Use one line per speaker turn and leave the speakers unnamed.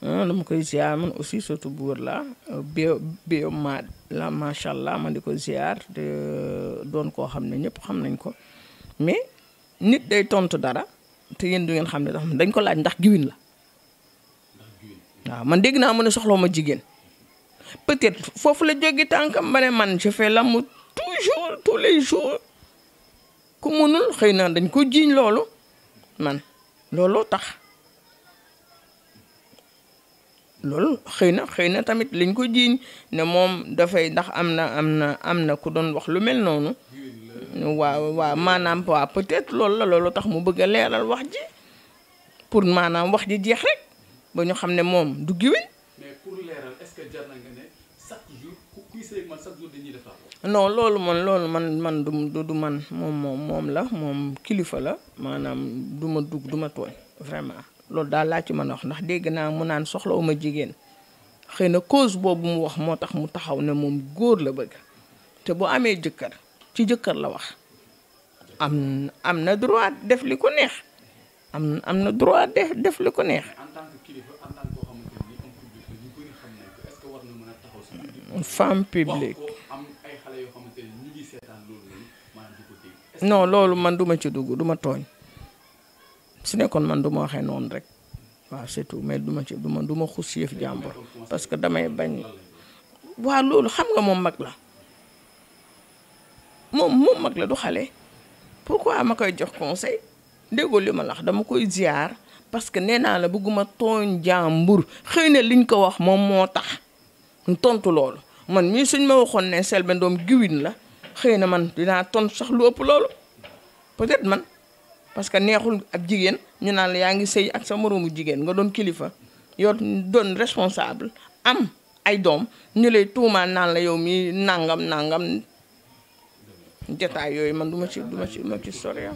dama eh, koy ziar man aussi surtout bour la eh, bio bio ma la machallah man diko ziar de don ko xamne ñep xam nañ ko mais nit day tontu dara te yeen du ngeen xamne dañ ko laaj ndax giwin la waaw man dégg na mu ne soxlo ma jigen peut être fofu la joggi mané man je fais l'amour toujours tous les jours ku munul xeyna dañ ko jiñ lolu man lolu tax loolu xëy na xëy na tamit lañ ko jiiñ ne moom dafay ndax am na am na am na ku doon wax lu mel noonu waaw waaw maanaam waaw peut-être loolu la loolu tax mu bëgg a leeral wax ji pour maanaam wax ji jeex rek ba ñu xam ne moom du giwin mais pour leeral est man chaque loolu man loolu man man du du man moom moom la moom kilifa la maanaam duma dugg du ma tooñ vraiment loolu daal laa ci mën a wax ndax dégg naa mu naan soxlawuma jigéen xëy na cause boobu mu wax moo tax mu taxaw ne moom góor la bëgg te bu amee jëkkër ci jëkkër la wax am am na droit def li ko neex am am na droit def def li ko neex. femme publique non loolu man duma ci dugg duma tooñ. su kon man du ma waxee noonu rek waaw c'est tout mais ma ci du ma du ma xus yëf jàmbur parce que damay bañ waa loolu xam nga moom mag la moom moom mag la du xale pourquoi ma koy jox conseil déggoo li ma lax dama koy ziar parce que nee naa la bëgguma tooñ jàmbur xëy na liñ ko wax moom moo tax ñu tontu loolu man mii suñ ma waxoon ne Selbé Ndom giwin la xëy na man dinaa tontu sax lu ëpp loolu peut-être man parce que neexul ab jigéen ñu naan la yaa ngi sëy ak sa moroomu jigéen nga doon kilifa yow doon responsable am ay doom ñu lay tuumaan naan la yow mi nangam nangam jotaay yooyu man du ma ci du ma ci du ci sori